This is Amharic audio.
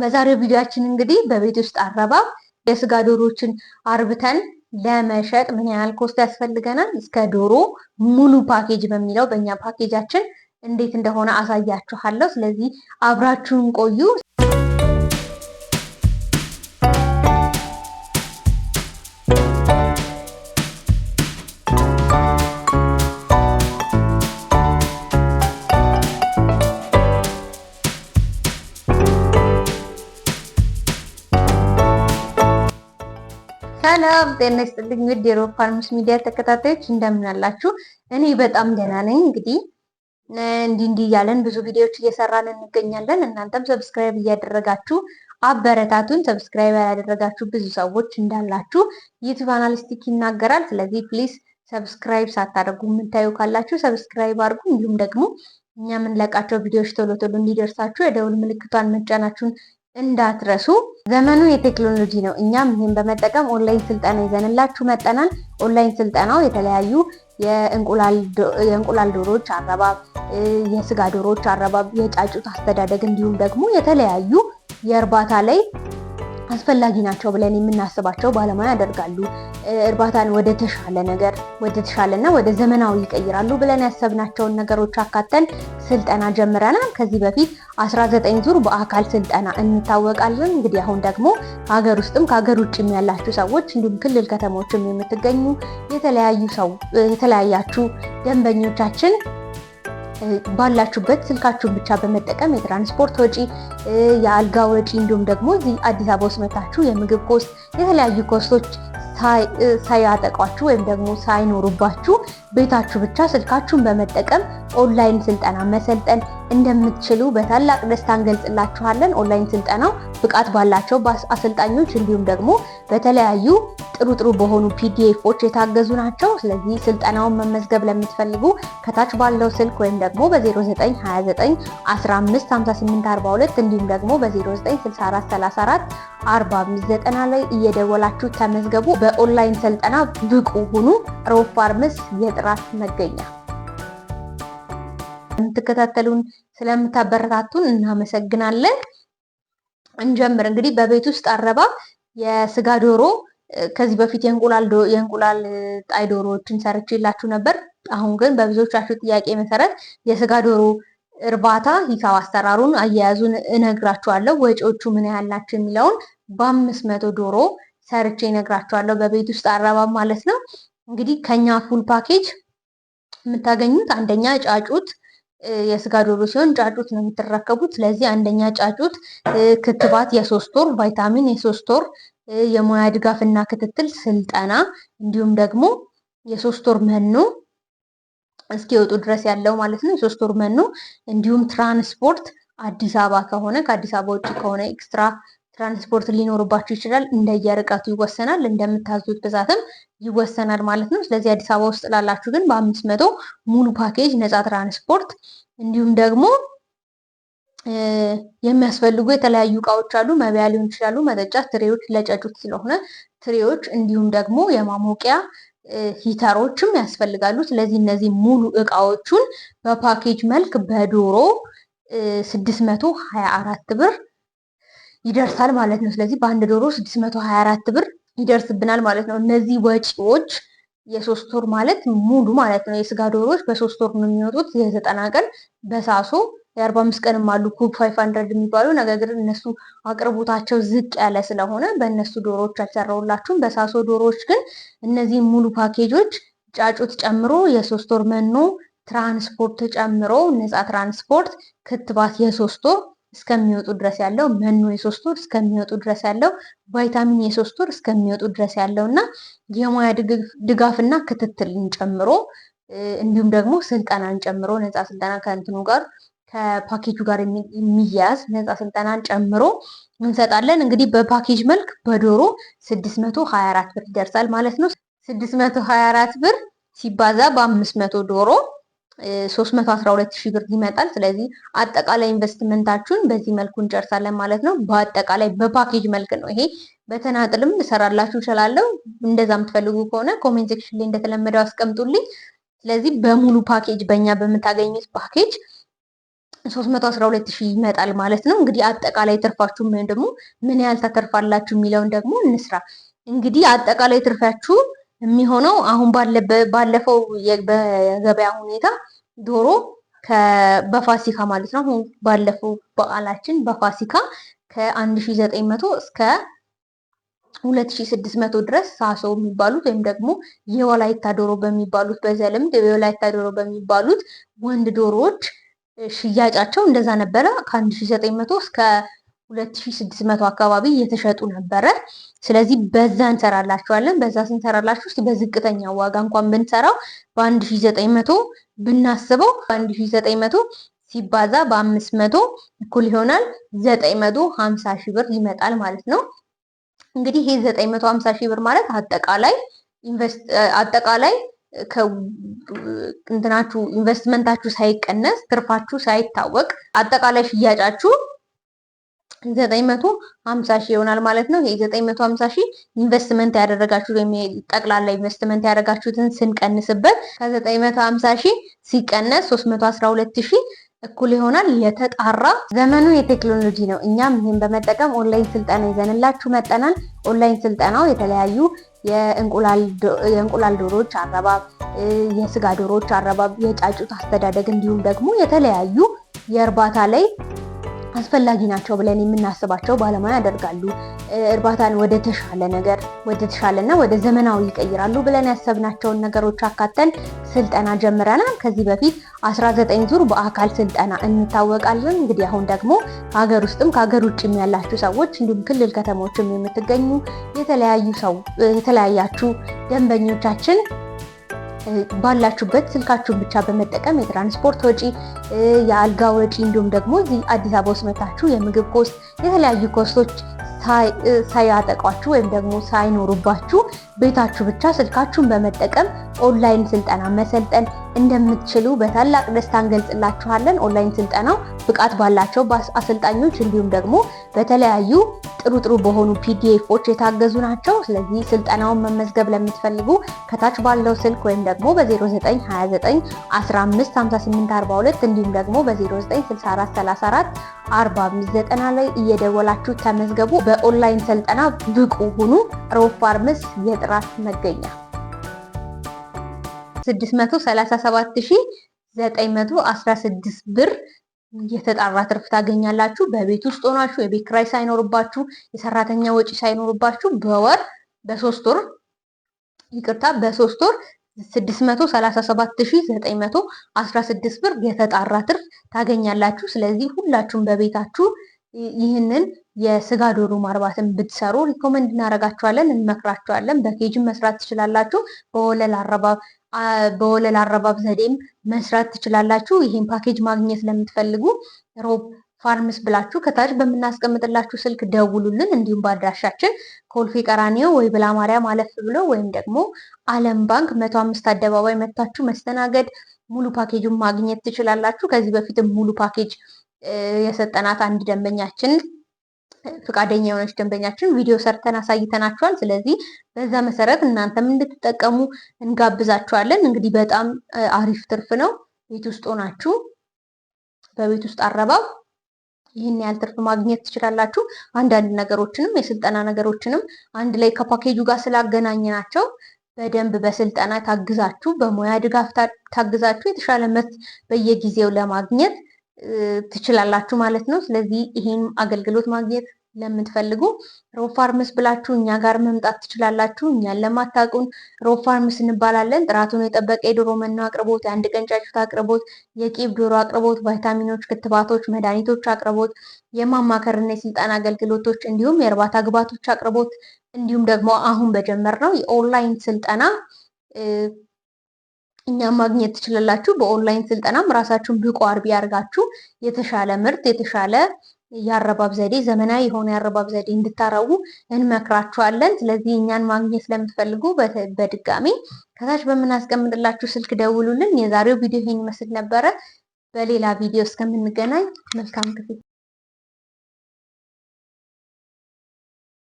በዛሬው ቪዲያችን እንግዲህ በቤት ውስጥ አረባ የስጋ ዶሮዎችን አርብተን ለመሸጥ ምን ያህል ኮስት ያስፈልገናል፣ እስከ ዶሮ ሙሉ ፓኬጅ በሚለው በእኛ ፓኬጃችን እንዴት እንደሆነ አሳያችኋለሁ። ስለዚህ አብራችሁን ቆዩ። ሰላም ጤና ይስጥልኝ። ውድ የሮብ ፋርምስ ሚዲያ ተከታታዮች እንደምን አላችሁ? እኔ በጣም ደህና ነኝ። እንግዲህ እንዲህ እንዲህ እያለን ብዙ ቪዲዮዎች እየሰራን እንገኛለን። እናንተም ሰብስክራይብ እያደረጋችሁ አበረታቱን። ሰብስክራይብ ያላደረጋችሁ ብዙ ሰዎች እንዳላችሁ ዩቱብ አናሊስቲክ ይናገራል። ስለዚህ ፕሊስ ሰብስክራይብ ሳታደርጉ የምታዩ ካላችሁ ሰብስክራይብ አድርጉ። እንዲሁም ደግሞ እኛ የምንለቃቸው ቪዲዮዎች ቶሎ ቶሎ እንዲደርሳችሁ የደውል ምልክቷን መጫናችሁን እንዳትረሱ። ዘመኑ የቴክኖሎጂ ነው። እኛም ይህን በመጠቀም ኦንላይን ስልጠና ይዘንላችሁ መጠናል። ኦንላይን ስልጠናው የተለያዩ የእንቁላል ዶሮዎች አረባብ፣ የስጋ ዶሮዎች አረባብ፣ የጫጩት አስተዳደግ እንዲሁም ደግሞ የተለያዩ የእርባታ ላይ አስፈላጊ ናቸው ብለን የምናስባቸው ባለሙያ ያደርጋሉ። እርባታን ወደ ተሻለ ነገር ወደ ተሻለና ወደ ዘመናዊ ይቀይራሉ ብለን ያሰብናቸውን ነገሮች አካተን ስልጠና ጀምረናል። ከዚህ በፊት 19 ዙር በአካል ስልጠና እንታወቃለን። እንግዲህ አሁን ደግሞ ከሀገር ውስጥም ከሀገር ውጭም ያላችሁ ሰዎች እንዲሁም ክልል ከተሞችም የምትገኙ የተለያዩ ሰው የተለያያችሁ ደንበኞቻችን ባላችሁበት ስልካችሁን ብቻ በመጠቀም የትራንስፖርት ወጪ፣ የአልጋ ወጪ እንዲሁም ደግሞ እዚህ አዲስ አበባ ውስጥ መታችሁ የምግብ ኮስት፣ የተለያዩ ኮስቶች ሳያጠቋችሁ ወይም ደግሞ ሳይኖሩባችሁ ቤታችሁ ብቻ ስልካችሁን በመጠቀም ኦንላይን ስልጠና መሰልጠን እንደምትችሉ በታላቅ ደስታ እንገልጽላችኋለን። ኦንላይን ስልጠናው ብቃት ባላቸው አሰልጣኞች እንዲሁም ደግሞ በተለያዩ ጥሩ ጥሩ በሆኑ ፒዲኤፎች የታገዙ ናቸው። ስለዚህ ስልጠናውን መመዝገብ ለምትፈልጉ ከታች ባለው ስልክ ወይም ደግሞ በ0929155842 እንዲሁም ደግሞ በ0964344590 ላይ እየደወላችሁ ተመዝገቡ። በኦንላይን ስልጠና ብቁ ሁኑ። ሮፋርምስ የጥራት መገኛ የምትከታተሉን ስለምታበረታቱን እናመሰግናለን። እንጀምር እንግዲህ በቤት ውስጥ አረባ የስጋ ዶሮ ከዚህ በፊት የእንቁላል ጣይ ዶሮዎችን ይላችሁ ነበር። አሁን ግን በብዙዎቻችሁ ጥያቄ መሰረት የስጋ ዶሮ እርባታ ሂሳብ አሰራሩን አያያዙን እነግራችኋለሁ። ወጪዎቹ ምን ያህል ናቸው የሚለውን በአምስት መቶ ዶሮ ሰርቼ እነግራችኋለሁ። በቤት ውስጥ አረባ ማለት ነው። እንግዲህ ከኛ ፉል ፓኬጅ የምታገኙት አንደኛ ጫጩት የስጋ ዶሮ ሲሆን ጫጩት ነው የምትረከቡት። ስለዚህ አንደኛ ጫጩት ክትባት የሶስት ወር ቫይታሚን የሶስት ወር የሙያ ድጋፍና ክትትል ስልጠና እንዲሁም ደግሞ የሶስት ወር መኖ እስኪወጡ ድረስ ያለው ማለት ነው። የሶስት ወር መኖ እንዲሁም ትራንስፖርት አዲስ አበባ ከሆነ ከአዲስ አበባ ውጭ ከሆነ ኤክስትራ ትራንስፖርት ሊኖርባቸው ይችላል። እንደየርቀቱ ይወሰናል፣ እንደምታዙት ብዛትም ይወሰናል ማለት ነው። ስለዚህ አዲስ አበባ ውስጥ ላላችሁ ግን በአምስት መቶ ሙሉ ፓኬጅ ነፃ ትራንስፖርት እንዲሁም ደግሞ የሚያስፈልጉ የተለያዩ እቃዎች አሉ። መብያ ሊሆን ይችላሉ፣ መጠጫ ትሬዎች ለጨጩት ስለሆነ ትሬዎች፣ እንዲሁም ደግሞ የማሞቂያ ሂተሮችም ያስፈልጋሉ። ስለዚህ እነዚህ ሙሉ እቃዎቹን በፓኬጅ መልክ በዶሮ መቶ አራት ብር ይደርሳል ማለት ነው። ስለዚህ በአንድ ዶሮ 624 ብር ይደርስብናል ማለት ነው። እነዚህ ወጪዎች የሶስት ወር ማለት ሙሉ ማለት ነው። የስጋ ዶሮዎች በሶስት ወር ነው የሚወጡት። የዘጠና ቀን በሳሶ የአርባ አምስት ቀንም አሉ ኩብ ፋይቭ ሀንድረድ የሚባሉ ነገር ግን እነሱ አቅርቦታቸው ዝቅ ያለ ስለሆነ በእነሱ ዶሮዎች አልሰራውላችሁም። በሳሶ ዶሮዎች ግን እነዚህ ሙሉ ፓኬጆች ጫጩት ጨምሮ የሶስት ወር መኖ ትራንስፖርት ጨምሮ ነፃ ትራንስፖርት ክትባት የሶስት ወር እስከሚወጡ ድረስ ያለው መኖ የሶስት ወር እስከሚወጡ ድረስ ያለው ቫይታሚን የሶስት ወር እስከሚወጡ ድረስ ያለው እና የሙያ ድጋፍና ክትትልን ጨምሮ እንዲሁም ደግሞ ስልጠናን ጨምሮ ነፃ ስልጠና ከእንትኑ ጋር ከፓኬጁ ጋር የሚያያዝ ነፃ ስልጠናን ጨምሮ እንሰጣለን። እንግዲህ በፓኬጅ መልክ በዶሮ 624 ብር ይደርሳል ማለት ነው። 624 ብር ሲባዛ በአምስት መቶ ዶሮ ሁለት ሺህ ብር ይመጣል። ስለዚህ አጠቃላይ ኢንቨስትመንታችሁን በዚህ መልኩ እንጨርሳለን ማለት ነው። በአጠቃላይ በፓኬጅ መልክ ነው ይሄ። በተናጥልም እሰራላችሁ እችላለሁ። እንደዛ የምትፈልጉ ከሆነ ኮሜንት ሴክሽን ላይ እንደተለመደው አስቀምጡልኝ። ስለዚህ በሙሉ ፓኬጅ በእኛ በምታገኙት ፓኬጅ 312 ሺህ ይመጣል ማለት ነው። እንግዲህ አጠቃላይ ትርፋችሁ ምን ደግሞ ምን ያህል ታተርፋላችሁ የሚለውን ደግሞ እንስራ። እንግዲህ አጠቃላይ ትርፋችሁ የሚሆነው አሁን ባለፈው በገበያ ሁኔታ ዶሮ በፋሲካ ማለት ነው። አሁን ባለፈው በዓላችን በፋሲካ ከ1900 እስከ 2600 ድረስ ሳሶ የሚባሉት ወይም ደግሞ የወላይታ ዶሮ በሚባሉት በዘልምድ የወላይታ ዶሮ በሚባሉት ወንድ ዶሮዎች ሽያጫቸው እንደዛ ነበረ ከ1900 እስከ 2600 አካባቢ የተሸጡ ነበረ። ስለዚህ በዛ እንሰራላችኋለን። በዛ ስንሰራላችሁ ውስጥ በዝቅተኛ ዋጋ እንኳን ብንሰራው በ1900 ብናስበው በ1900 ሲባዛ በ500 እኩል ይሆናል 950 ሺ ብር ይመጣል ማለት ነው። እንግዲህ ይሄ 950 ሺ ብር ማለት አጠቃላይ ኢንቨስት አጠቃላይ እንትናችሁ ኢንቨስትመንታችሁ ሳይቀነስ ትርፋችሁ ሳይታወቅ አጠቃላይ ሽያጫችሁ ዘጠኝ መቶ ሀምሳ ሺህ ይሆናል ማለት ነው። ይሄ ዘጠኝ መቶ ሀምሳ ሺህ ኢንቨስትመንት ያደረጋችሁት ወይም ጠቅላላ ኢንቨስትመንት ያደረጋችሁትን ስንቀንስበት ከዘጠኝ መቶ ሀምሳ ሺህ ሲቀነስ ሶስት መቶ አስራ ሁለት ሺህ እኩል ይሆናል። የተጣራ ዘመኑ የቴክኖሎጂ ነው። እኛም ይህን በመጠቀም ኦንላይን ስልጠና ይዘንላችሁ መጠናል። ኦንላይን ስልጠናው የተለያዩ የእንቁላል ዶሮዎች አረባብ፣ የስጋ ዶሮዎች አረባብ፣ የጫጩት አስተዳደግ እንዲሁም ደግሞ የተለያዩ የእርባታ ላይ አስፈላጊ ናቸው ብለን የምናስባቸው ባለሙያ ያደርጋሉ። እርባታን ወደ ተሻለ ነገር ወደ ተሻለና ወደ ዘመናዊ ይቀይራሉ ብለን ያሰብናቸውን ነገሮች አካተን ስልጠና ጀምረናል። ከዚህ በፊት 19 ዙር በአካል ስልጠና እንታወቃለን። እንግዲህ አሁን ደግሞ ከሀገር ውስጥም ከሀገር ውጭም ያላችሁ ሰዎች እንዲሁም ክልል ከተሞችም የምትገኙ የተለያዩ ሰው የተለያያችሁ ደንበኞቻችን ባላችሁበት ስልካችሁን ብቻ በመጠቀም የትራንስፖርት ወጪ፣ የአልጋ ወጪ እንዲሁም ደግሞ እዚህ አዲስ አበባ ውስጥ መታችሁ የምግብ ኮስት፣ የተለያዩ ኮስቶች ሳያጠቋችሁ ወይም ደግሞ ሳይኖሩባችሁ ቤታችሁ ብቻ ስልካችሁን በመጠቀም ኦንላይን ስልጠና መሰልጠን እንደምትችሉ በታላቅ ደስታ እንገልጽላችኋለን። ኦንላይን ስልጠናው ብቃት ባላቸው አሰልጣኞች እንዲሁም ደግሞ በተለያዩ ጥሩ ጥሩ በሆኑ ፒዲኤፎች የታገዙ ናቸው። ስለዚህ ስልጠናውን መመዝገብ ለምትፈልጉ ከታች ባለው ስልክ ወይም ደግሞ በ0929155842 እንዲሁም ደግሞ በ0964344590 ላይ እየደወላችሁ ተመዝገቡ። በኦንላይን ስልጠና ብቁ ሁኑ። ሮፋርምስ የጥራት መገኛ 637,916 ብር የተጣራ ትርፍ ታገኛላችሁ። በቤት ውስጥ ሆናችሁ የቤት ኪራይ ሳይኖርባችሁ የሰራተኛ ወጪ ሳይኖርባችሁ በወር በሶስት ወር ይቅርታ በሶስት ወር 637,916 ብር የተጣራ ትርፍ ታገኛላችሁ። ስለዚህ ሁላችሁም በቤታችሁ ይህንን የስጋ ዶሮ ማርባትን ብትሰሩ ሪኮመንድ እናደርጋችኋለን፣ እንመክራችኋለን። በኬጅም መስራት ትችላላችሁ። በወለል አረባብ በወለል አረባብ ዘዴም መስራት ትችላላችሁ። ይህን ፓኬጅ ማግኘት ለምትፈልጉ ሮብ ፋርምስ ብላችሁ ከታች በምናስቀምጥላችሁ ስልክ ደውሉልን። እንዲሁም በአድራሻችን ኮልፌ ቀራኒዮ ወይ ብላ ማርያም አለፍ ብሎ ወይም ደግሞ አለም ባንክ መቶ አምስት አደባባይ መታችሁ መስተናገድ ሙሉ ፓኬጁን ማግኘት ትችላላችሁ። ከዚህ በፊትም ሙሉ ፓኬጅ የሰጠናት አንድ ደንበኛችን ፈቃደኛ የሆነች ደንበኛችን ቪዲዮ ሰርተን አሳይተናችኋል። ስለዚህ በዛ መሰረት እናንተም እንድትጠቀሙ እንጋብዛችኋለን። እንግዲህ በጣም አሪፍ ትርፍ ነው። ቤት ውስጥ ሆናችሁ በቤት ውስጥ አረባብ ይህን ያህል ትርፍ ማግኘት ትችላላችሁ። አንዳንድ ነገሮችንም የስልጠና ነገሮችንም አንድ ላይ ከፓኬጁ ጋር ስላገናኝ ናቸው በደንብ በስልጠና ታግዛችሁ በሙያ ድጋፍ ታግዛችሁ የተሻለ ምርት በየጊዜው ለማግኘት ትችላላችሁ ማለት ነው። ስለዚህ ይሄን አገልግሎት ማግኘት ለምትፈልጉ ሮፋርምስ ብላችሁ እኛ ጋር መምጣት ትችላላችሁ። እኛን ለማታውቁን ሮፋርምስ እንባላለን። ጥራቱን የጠበቀ የዶሮ መኖ አቅርቦት፣ የአንድ ቀን ጫጩት አቅርቦት፣ የቂብ ዶሮ አቅርቦት፣ ቫይታሚኖች፣ ክትባቶች፣ መድኃኒቶች አቅርቦት፣ የማማከርና የስልጠና አገልግሎቶች እንዲሁም የእርባታ ግባቶች አቅርቦት እንዲሁም ደግሞ አሁን ነው የኦንላይን ስልጠና እኛ ማግኘት ትችላላችሁ። በኦንላይን ስልጠናም ራሳችሁን ብቁ አርቢ ያርጋችሁ የተሻለ ምርት የተሻለ የአረባብ ዘዴ ዘመናዊ የሆነ የአረባብ ዘዴ እንድታረቡ እንመክራችኋለን። ስለዚህ እኛን ማግኘት ለምትፈልጉ በድጋሚ ከታች በምናስቀምጥላችሁ ስልክ ደውሉልን። የዛሬው ቪዲዮ ይህን ይመስል ነበረ። በሌላ ቪዲዮ እስከምንገናኝ መልካም ጊዜ